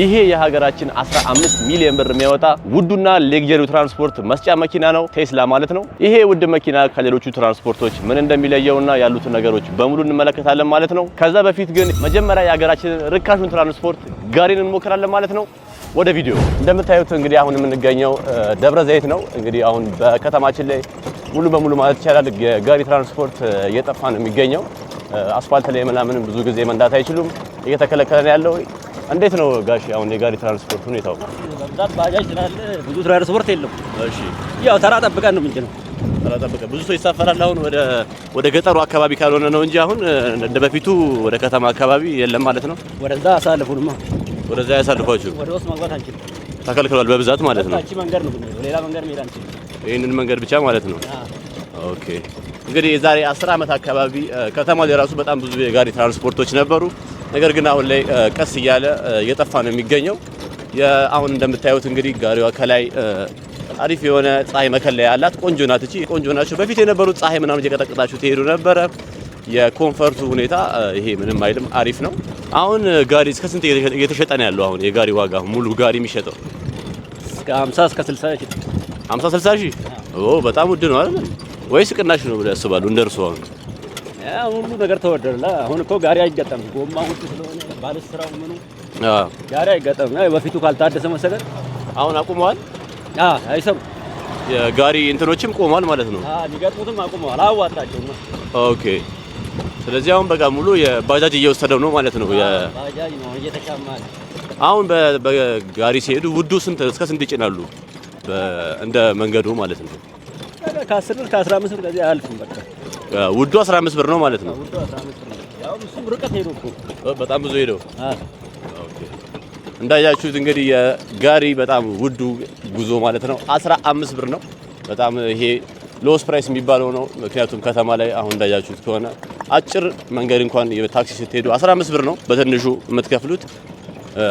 ይሄ የሀገራችን 15 ሚሊዮን ብር የሚያወጣ ውዱና ሌግጀሪ ትራንስፖርት መስጫ መኪና ነው፣ ቴስላ ማለት ነው። ይሄ ውድ መኪና ከሌሎቹ ትራንስፖርቶች ምን እንደሚለየውና ያሉትን ነገሮች በሙሉ እንመለከታለን ማለት ነው። ከዛ በፊት ግን መጀመሪያ የሀገራችንን ርካሹን ትራንስፖርት ጋሪን እንሞክራለን ማለት ነው። ወደ ቪዲዮ እንደምታዩት እንግዲህ አሁን የምንገኘው ደብረ ዘይት ነው። እንግዲህ አሁን በከተማችን ላይ ሙሉ በሙሉ ማለት ይቻላል የጋሪ ትራንስፖርት እየጠፋ ነው የሚገኘው። አስፋልት ላይ ምናምንም ብዙ ጊዜ መንዳት አይችሉም፣ እየተከለከለ ነው ያለው። እንዴት ነው ጋሽ አሁን የጋሪ ትራንስፖርት ሁኔታው? በብዛት ባጃጅ ስላለ ብዙ ትራንስፖርት የለም። እሺ ያው ተራ ጠብቀን ነው የምንጭነው። ተራ ጠብቀን ብዙ ሰው ይሳፈራል። አሁን ወደ ወደ ገጠሩ አካባቢ ካልሆነ ነው እንጂ አሁን እንደ በፊቱ ወደ ከተማ አካባቢ የለም ማለት ነው። ወደዛ አሳልፉንማ፣ ወደዛ ያሳልፋችሁ ወደ ውስጥ መግባት አንችልም፣ ተከልክሏል በብዛት ማለት ነው። እቺ መንገድ ነው፣ ሌላ መንገድ መሄድ አንችልም። ይሄንን መንገድ ብቻ ማለት ነው። ኦኬ እንግዲህ የዛሬ አስር ዓመት አካባቢ ከተማ ላይ ራሱ በጣም ብዙ የጋሪ ትራንስፖርቶች ነበሩ። ነገር ግን አሁን ላይ ቀስ እያለ እየጠፋ ነው የሚገኘው። አሁን እንደምታዩት እንግዲህ ጋሪዋ ከላይ አሪፍ የሆነ ፀሐይ መከለያ አላት። ቆንጆ ናት። እቺ ቆንጆ ናቸው። በፊት የነበሩት ፀሐይ ምናምን እየቀጠቀጣችሁ ትሄዱ ነበረ። የኮንፈርቱ ሁኔታ ይሄ ምንም አይልም፣ አሪፍ ነው። አሁን ጋሪ እስከ ስንት እየተሸጠ ነው ያለው? አሁን የጋሪ ዋጋ ሙሉ ጋሪ የሚሸጠው እስከ 50 እስከ 60 ሺህ 50 60 ሺህ። ኦ በጣም ውድ ነው አይደል? ወይስ ቅናሽ ነው ብለው ያስባሉ እንደርሱ አሁን ሁሉ ነገር ተወደደላ። አሁን እኮ ጋሪ አይገጠም፣ ጎማ ውድ ስለሆነ ባለስራው ምኑ ጋሪ አይገጠም። በፊቱ ካልታደሰ መሰለህ አሁን አቁመዋል፣ አይሰሩ የጋሪ እንትኖችም ቆሟል ማለት ነው። ሊገጥሙትም አቁመዋል፣ ኦኬ ስለዚህ አሁን በቃ ሙሉ የባጃጅ እየወሰደው ነው ማለት ነው። ባጃጅ ነው አሁን በጋሪ ሲሄዱ ውዱ ስንት እስከ ስንት ይጭናሉ? እንደ መንገዱ ማለት ነው። ከአስር ብር ከአስራ አምስት ብር ከዚህ አያልፍም በቃ ውዱ 15 ብር ነው ማለት ነው። በጣም ብዙ ሄደው እንዳያችሁት እንግዲህ የጋሪ በጣም ውዱ ጉዞ ማለት ነው 15 ብር ነው። በጣም ይሄ ሎስ ፕራይስ የሚባለው ነው። ምክንያቱም ከተማ ላይ አሁን እንዳያችሁት ከሆነ አጭር መንገድ እንኳን ታክሲ ስትሄዱ 15 ብር ነው በትንሹ የምትከፍሉት።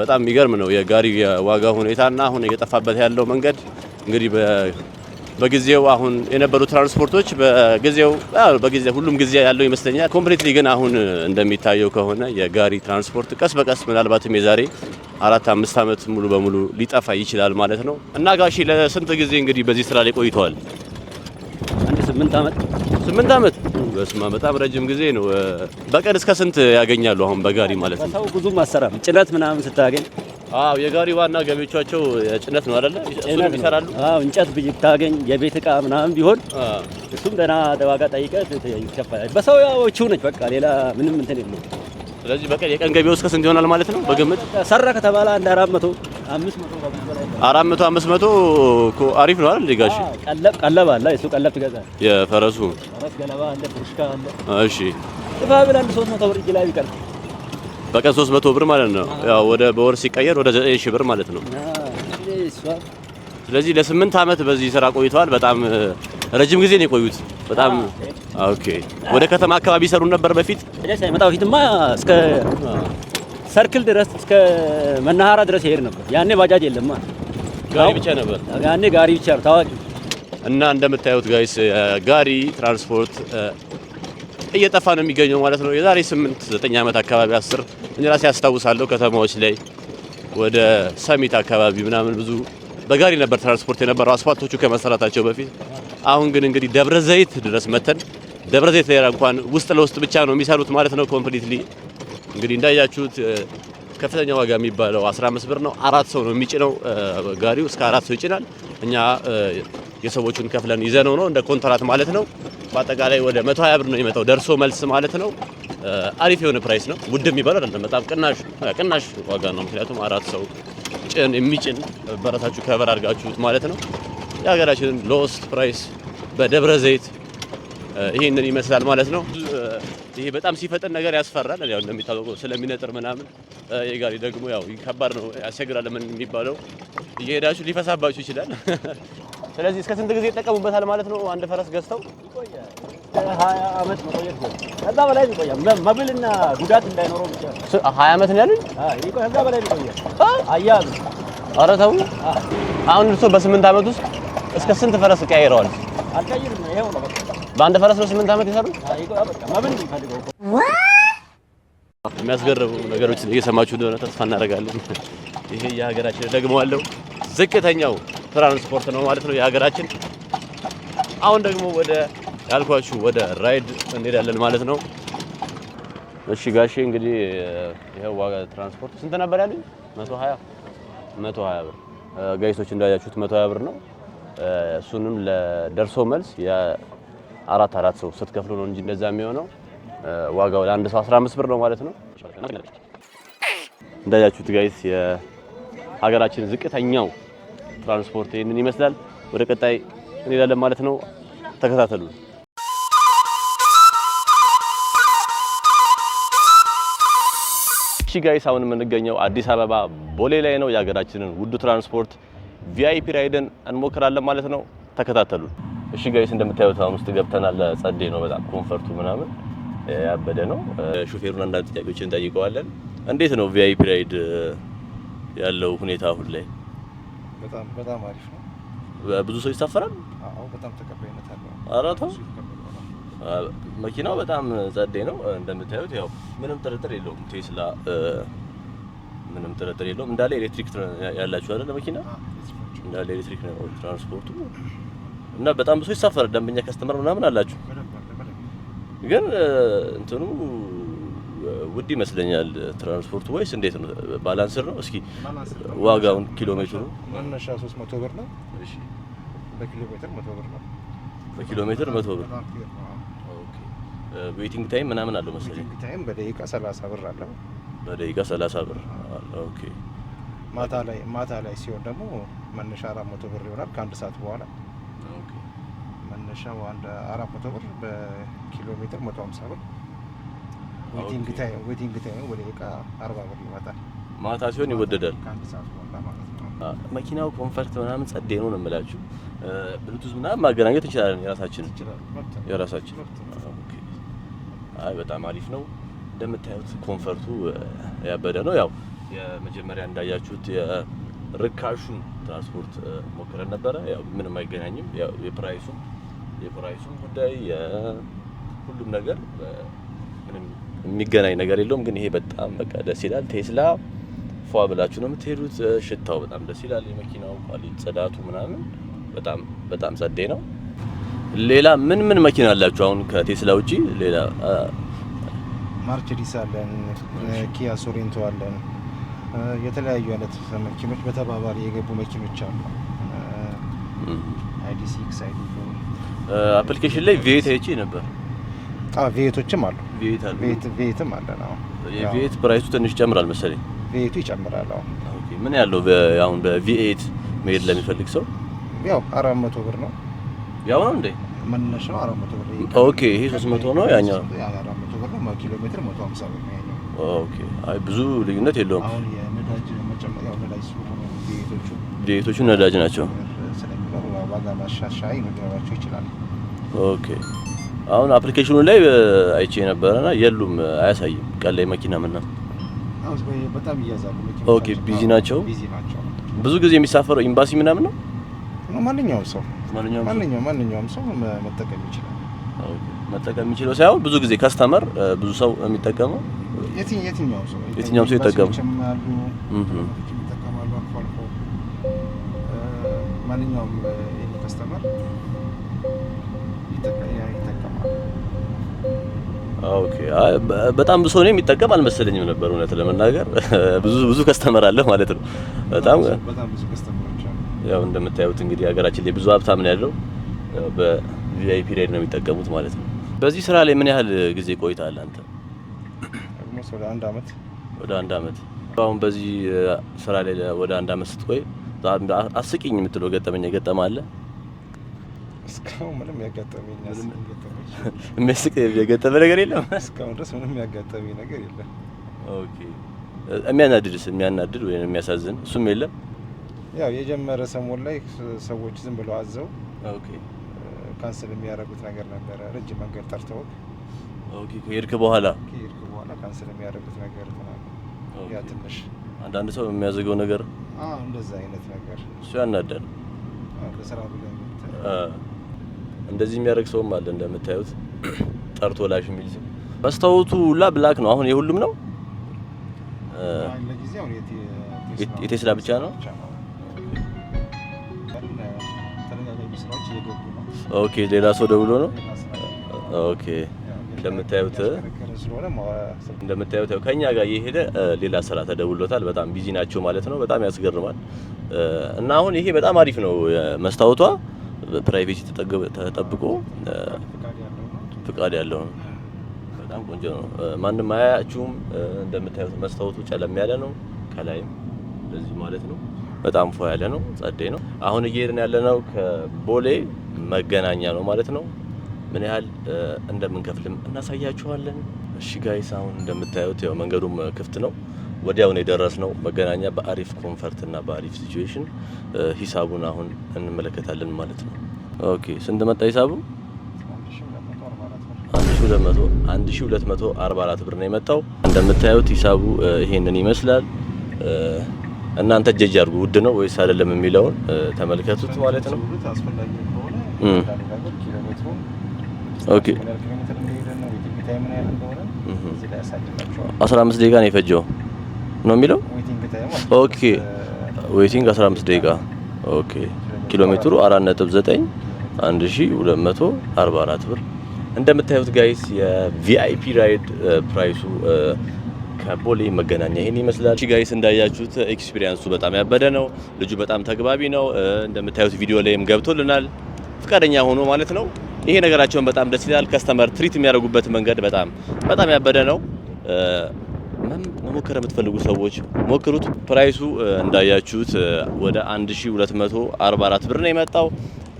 በጣም የሚገርም ነው የጋሪ የዋጋ ሁኔታና አሁን እየጠፋበት ያለው መንገድ እንግዲህ በጊዜው አሁን የነበሩ ትራንስፖርቶች በጊዜው በጊዜ ሁሉም ጊዜ ያለው ይመስለኛል። ኮምፕሊትሊ ግን አሁን እንደሚታየው ከሆነ የጋሪ ትራንስፖርት ቀስ በቀስ ምናልባትም የዛሬ አራት አምስት ዓመት ሙሉ በሙሉ ሊጠፋ ይችላል ማለት ነው እና ጋሺ ለስንት ጊዜ እንግዲህ በዚህ ስራ ላይ ቆይተዋል? ስምንት ዓመት ስምንት ዓመት በስማ በጣም ረጅም ጊዜ ነው። በቀን እስከ ስንት ያገኛሉ? አሁን በጋሪ ማለት ነው። ሰው ብዙም አሰራም ጭነት ምናምን ስታገኝ አዎ የጋሪ ዋና ገቢዎቻቸው ጭነት ነው አይደለ? ጭነት ይሰራሉ። አዎ እንጨት ብታገኝ የቤት እቃ ምናምን ቢሆን እሱም ደህና ዋጋ ጠይቀህ ይከፈላል። በሰው ያዎቹ ነች በቃ ሌላ ምንም እንትን የለም። ስለዚህ በቀን የቀን ገቢው እስከ ስንት ይሆናል ማለት ነው በግምት ሰራ ከተባለ አንድ አራት መቶ አራት መቶ አምስት መቶ እኮ አሪፍ ነው አይደል? ጋሽ ቀለብ ቀለብ አለ። እሱ ቀለብ ትገዛለህ። የፈረሱ ፈረስ ገለባ አለ፣ ቡርሽካ አለ። እሺ ጥፋ አንድ ሦስት መቶ ብር እጅ ላይ ቢቀር በቀን ሦስት መቶ ብር ማለት ነው። ያው ወደ በወር ሲቀየር ወደ ዘጠኝ ሺህ ብር ማለት ነው። ስለዚህ ለስምንት አመት በዚህ ስራ ቆይተዋል። በጣም ረጅም ጊዜ ነው የቆዩት። በጣም ኦኬ። ወደ ከተማ አካባቢ ይሰሩ ነበር በፊት ሳይመጣ በፊትማ እስከ ሰርክል ድረስ እስከ መናሃራ ድረስ ይሄድ ነበር። ያኔ ባጃጅ የለም፣ ጋሪ ብቻ ነበር። ያኔ ጋሪ ብቻ ነው ታዋቂ እና እንደምታዩት ጋይስ ጋሪ ትራንስፖርት እየጠፋ ነው የሚገኘው ማለት ነው። የዛሬ 8 9 ዓመት አካባቢ 10 እኔ ራሴ ያስታውሳለሁ ከተማዎች ላይ ወደ ሰሚት አካባቢ ምናምን ብዙ በጋሪ ነበር ትራንስፖርት የነበረው አስፋልቶቹ ከመሰራታቸው በፊት። አሁን ግን እንግዲህ ደብረ ዘይት ድረስ መተን ደብረ ዘይት ላይ እንኳን ውስጥ ለውስጥ ብቻ ነው የሚሰሩት ማለት ነው ኮምፕሊትሊ እንግዲህ እንዳያችሁት ከፍተኛ ዋጋ የሚባለው 15 ብር ነው። አራት ሰው ነው የሚጭነው ጋሪው፣ እስከ አራት ሰው ይጭናል። እኛ የሰዎቹን ከፍለን ይዘነው ነው እንደ ኮንትራት ማለት ነው። በአጠቃላይ ወደ 120 ብር ነው የመጣው ደርሶ መልስ ማለት ነው። አሪፍ የሆነ ፕራይስ ነው። ውድ የሚባለው አይደለም፣ በጣም ቅናሽ ቅናሽ ዋጋ ነው። ምክንያቱም አራት ሰው ጭን የሚጭን በራሳችሁ ከበር አድርጋችሁት ማለት ነው። የሀገራችንን ሎስት ፕራይስ በደብረ ዘይት ይህንን ይመስላል ማለት ነው። ይሄ በጣም ሲፈጥን ነገር ያስፈራል። ያው እንደሚታወቀው ስለሚነጥር ምናምን የጋሪ ደግሞ ያው ከባድ ነው ያስቸግራል። ምን የሚባለው እየሄዳችሁ ሊፈሳባችሁ ይችላል። ስለዚህ እስከ ስንት ጊዜ ይጠቀሙበታል ማለት ነው? አንድ ፈረስ ገዝተው ሀያ ዓመት መቆየት ነው። ከዛ በላይ ይቆያል። መብልና ጉዳት እንዳይኖረው ብቻ ሀያ ዓመት ነው ያሉኝ። ከዛ በላይ ይቆያል። አያሉ ኧረ ተው። አሁን እርሶ በስምንት አመት ውስጥ እስከ ስንት ፈረስ ቀያይረዋል? አልቀይርም። ይኸው ነው በቃ በአንድ ፈረስ ነው ስምንት ዓመት የሰሩት። የሚያስገርሙ ነገሮች እየሰማችሁ እንደሆነ ተስፋ እናደርጋለን። ይሄ የሀገራችን ደግመዋለሁ ዝቅተኛው ትራንስፖርት ነው ማለት ነው የሀገራችን። አሁን ደግሞ ወደ ያልኳችሁ ወደ ራይድ እንሄዳለን ማለት ነው። እሺ ጋሼ እንግዲህ ይሄው ዋጋ ትራንስፖርት ስንት ነበር ያለኝ? 120 120 ብር ጋይሶች እንዳያችሁት 120 ብር ነው። እሱንም ለደርሶ መልስ አራት አራት ሰው ስትከፍሉ ነው እንጂ እንደዛ የሚሆነው ዋጋው ለአንድ ሰው 15 ብር ነው ማለት ነው። እንዳያችሁት ጋይስ የሀገራችን ዝቅተኛው ትራንስፖርት ይህንን ይመስላል። ወደ ቀጣይ እንሄዳለን ማለት ነው። ተከታተሉ። እሺ ጋይስ አሁን የምንገኘው አዲስ አበባ ቦሌ ላይ ነው። የሀገራችንን ውዱ ትራንስፖርት ቪአይፒ ራይደን እንሞክራለን ማለት ነው። ተከታተሉን። እሺ ጋይስ እንደምታዩት አሁን ውስጥ ገብተናል። ጸዴ ነው በጣም ኮንፈርቱ ምናምን ያበደ ነው። ሹፌሩን አንዳንድ ጥያቄዎችን እንጠይቀዋለን። እንዴት ነው ቪአይፒ ራይድ ያለው ሁኔታ አሁን ላይ? በጣም በጣም አሪፍ ነው። ብዙ ሰው ይሳፈራል። አዎ በጣም ተቀባይነት አለው። አራቶ መኪናው በጣም ጸዴ ነው እንደምታዩት። ያው ምንም ጥርጥር የለውም ቴስላ ምንም ጥርጥር የለውም። እንዳለ ኤሌክትሪክ ያላችሁ አይደል መኪና እንዳለ ኤሌክትሪክ ነው ትራንስፖርቱ እና በጣም ብዙ ይሳፈራል። ደንበኛ ከስተመር ምናምን አላችሁ፣ ግን እንትኑ ውድ ይመስለኛል። ትራንስፖርቱ ወይስ እንዴት ነው? ባላንስር ነው? እስኪ ዋጋውን ኪሎ ሜትሩ መነሻ 300 ብር ነው። እሺ፣ በኪሎ ሜትር 100 ብር ነው። በኪሎ ሜትር 100 ብር ኦኬ። ዌቲንግ ታይም ምናምን አለው መሰለኝ። ዌቲንግ ታይም በደቂቃ 30 ብር አለው። በደቂቃ 30 ብር ኦኬ። ማታ ላይ ማታ ላይ ሲሆን ደግሞ መነሻ 400 ብር ይሆናል ከአንድ ሰዓት በኋላ መነሻው አንድ አራት መቶ ብር በኪሎ ሜትር መቶ ሀምሳ ብር ዌቲንግ ታይም ዌቲንግ ታይም ወደ ዕቃ አርባ ብር ይመጣል። ማታ ሲሆን ይወደዳል። መኪናው ኮንፈርት ምናምን ጸዴ ነው ነው የምላችሁ። ብሉቱዝ ምናምን ማገናኘት እንችላለን የራሳችን የራሳችን። አይ በጣም አሪፍ ነው። እንደምታዩት ኮንፈርቱ ያበደ ነው። ያው የመጀመሪያ እንዳያችሁት ርካሹን ትራንስፖርት ሞክረን ነበረ። ያው ምንም አይገናኝም። ያው የፕራይሱ የፕራይሱን ጉዳይ ሁሉም ነገር ምንም የሚገናኝ ነገር የለውም። ግን ይሄ በጣም በቃ ደስ ይላል። ቴስላ ፏ ብላችሁ ነው የምትሄዱት። ሽታው በጣም ደስ ይላል። የመኪናው ኳሊቲ፣ ጽዳቱ ምናምን በጣም በጣም ጸዴ ነው። ሌላ ምን ምን መኪና አላችሁ አሁን ከቴስላ ውጪ? ሌላ ማርቸዲስ አለን፣ ኪያ ሶሬንቶ አለን የተለያዩ አይነት መኪኖች በተባባሪ የገቡ መኪኖች አሉ። አይዲ ሲክስ አይዲ አፕሊኬሽን ላይ ቪኤት አይቼ ነበር። ቪኤቶችም አሉ። ቪኤትም አለ ነው። የቪኤት ፕራይሱ ትንሽ ይጨምራል መሰለኝ። ቪኤቱ ይጨምራል። ኦኬ ምን ያለው አሁን በቪኤት መሄድ ለሚፈልግ ሰው ያው አራት መቶ ብር ነው። ያው ነው እንዴ መነሻው አራት መቶ ብር። ኦኬ ይሄ ሶስት መቶ ነው። ያኛው አራት መቶ ብር ነው። ኪሎ ሜትር መቶ ሀምሳ ብር ነው አይ ብዙ ልዩነት የለውም። ዴቶቹ ነዳጅ ናቸው። ኦኬ አሁን አፕሊኬሽኑ ላይ አይቼ ነበረና የሉም፣ አያሳይም። ቀን ላይ መኪና ምናምን ኦኬ፣ ቢዚ ናቸው። ብዙ ጊዜ የሚሳፈረው ኤምባሲ ምናምን ነው። ማንኛውም ሰው ማንኛውም ሰው መጠቀም ይችላል። መጠቀም የሚችለው ሳይሆን ብዙ ጊዜ ከስተመር ብዙ ሰው የሚጠቀመው የትኛው ሰው የትኛውም ሰው ይጠቀማል። ይጠቀማሉ አልፎ አልፎ ማንኛውም ከስተመር ኦኬ በጣም ብዙ ሰው የሚጠቀም አልመሰለኝም ነበር። እውነት ለመናገር ብዙ ብዙ ከስተመር አለ ማለት ነው። በጣም በጣም ብዙ ከስተመሮች አሉ። ያው እንደምታዩት እንግዲህ ሀገራችን ላይ ብዙ ሀብታም ነው ያለው በቪአይፒ ሬድ ነው የሚጠቀሙት ማለት ነው። በዚህ ስራ ላይ ምን ያህል ጊዜ ቆይታል አንተ? ወደ አንድ አመት ወደ አንድ አመት አሁን በዚህ ስራ ላይ ወደ አንድ አመት ስትቆይ አስቂኝ የምትለው ገጠመኝ የገጠመ አለ? እስካሁን ምንም ያጋጠመኝ የሚያስቅ የገጠመ ነገር የለም። እስካሁን ድረስ ምንም ያጋጠመኝ ነገር የለም። ኦኬ የሚያናድድስ የሚያናድድ ወይም የሚያሳዝን እሱም የለም። ያው የጀመረ ሰሞን ላይ ሰዎች ዝም ብለው አዘው ካንስል የሚያደርጉት ነገር ነበረ። ረጅም መንገድ ጠርተው ከሄድክ በኋላ ስለሆነ ካንስል የሚያደርጉት ነገር ያ ትንሽ አንዳንድ ሰው የሚያዘገው ነገር እንደዛ አይነት ነገር እሱ ያናዳል። ለስራ እንደዚህ የሚያደርግ ሰውም አለ እንደምታዩት ጠርቶ ላሽ የሚል ሰው። መስታወቱ ሁላ ብላክ ነው። አሁን የሁሉም ነው የቴስላ ብቻ ነው። ኦኬ ሌላ ሰው ደውሎ ነው። ኦኬ እንደምታዩት እንትን ስለሆነ እንደምታዩት ያው ከኛ ጋር እየሄደ ሌላ ስራ ተደውሎታል። በጣም ቢዚ ናቸው ማለት ነው። በጣም ያስገርማል። እና አሁን ይሄ በጣም አሪፍ ነው። መስታወቷ ፕራይቬሲ ተጠብቆ ፍቃድ ያለው ነው። በጣም ቆንጆ ነው። ማንም አያያችሁም። እንደምታዩት መስታወቱ ጨለም ያለ ነው። ከላይም እንደዚህ ማለት ነው። በጣም ፎ ያለ ነው። ጸደይ ነው። አሁን እየሄድን ያለነው ከቦሌ መገናኛ ነው ማለት ነው። ምን ያህል እንደምንከፍልም እናሳያችኋለን። እሺ ጋይስ፣ አሁን እንደምታዩት ያው መንገዱም ክፍት ነው። ወዲያውን የደረስ ነው መገናኛ በአሪፍ ኮንፈርት እና በአሪፍ ሲቹዌሽን ሂሳቡን አሁን እንመለከታለን ማለት ነው። ኦኬ ስንት መጣ ሂሳቡ? 1244 ብር ነው የመጣው። እንደምታዩት ሂሳቡ ይሄንን ይመስላል። እናንተ ጀጅ አድርጉ፣ ውድ ነው ወይስ አይደለም የሚለውን ተመልከቱት ማለት ነው። አስራ አምስት ደቂቃ ነው የፈጀው ነው የሚለው ኦኬ 15 ደቂቃ ኦኬ ኪሎ ሜትሩ ብር እንደምታዩት ጋይስ የቪአይፒ ራይድ ፕራይሱ ከቦሌ መገናኛ ይህን ይመስላል። እሺ ጋይስ እንዳያችሁት ኤክስፒሪየንሱ በጣም ያበደ ነው። ልጁ በጣም ተግባቢ ነው። እንደምታዩት ቪዲዮ ላይም ገብቶልናል፣ ፍቃደኛ ሆኖ ማለት ነው። ይሄ ነገራቸውን በጣም ደስ ይላል። ከስተመር ትሪት የሚያደርጉበት መንገድ በጣም በጣም ያበደ ነው። መሞከር የምትፈልጉ ሰዎች ሞክሩት። ፕራይሱ እንዳያችሁት ወደ 1244 ብር ነው የመጣው።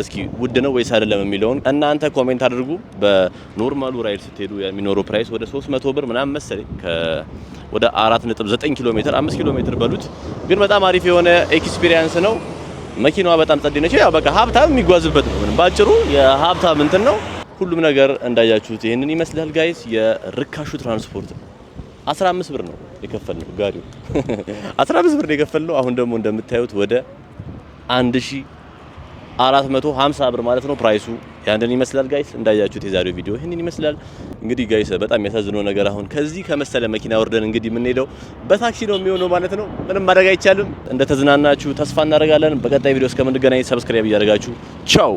እስኪ ውድ ነው ወይስ አይደለም የሚለውን እናንተ ኮሜንት አድርጉ። በኖርማሉ ራይድ ስትሄዱ የሚኖረው ፕራይስ ወደ 300 ብር ምናምን መሰለኝ ወደ 4.9 ኪሎ ሜትር 5 ኪሎ ሜትር በሉት። ግን በጣም አሪፍ የሆነ ኤክስፒሪየንስ ነው። መኪናዋ በጣም ጸዴ ነች። ያው በቃ ሀብታም የሚጓዝበት ነው። ምንም ባጭሩ የሀብታም እንትን ነው። ሁሉም ነገር እንዳያችሁት ይህንን ይመስላል ጋይስ። የርካሹ ትራንስፖርት 15 ብር ነው የከፈልነው። ጋሪው 15 ብር ነው የከፈልነው። አሁን ደግሞ እንደምታዩት ወደ 1000 450 ብር ማለት ነው ፕራይሱ። ያንን ይመስላል ጋይስ፣ እንዳያችሁት የዛሬው ቪዲዮ ይህንን ይመስላል። እንግዲህ ጋይስ በጣም የሚያሳዝነው ነገር አሁን ከዚህ ከመሰለ መኪና ወርደን እንግዲህ የምንሄደው በታክሲ ነው የሚሆነው ማለት ነው። ምንም ማድረግ አይቻልም። እንደተዝናናችሁ ተስፋ እናደርጋለን። በቀጣይ ቪዲዮ እስከምንገናኝ ሰብስክራይብ እያደረጋችሁ ቻው።